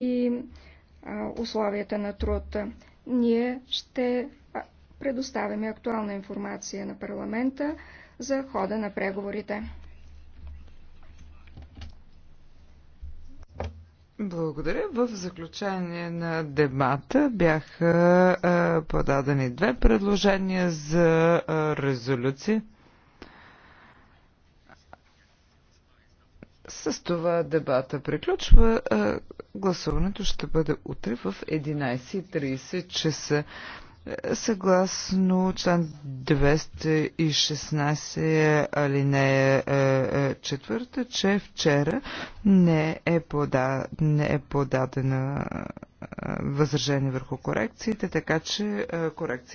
и условията на труд. Ние ще предоставяме актуална информация на парламента за хода на преговорите. Благодаря. В заключение на дебата бяха подадени две предложения за резолюция. С това дебата приключва. Гласуването ще бъде утре в 11.30 часа. Съгласно член 216 алинея 4, че вчера не е, пода, не е подадена възражение върху корекциите, така че корекциите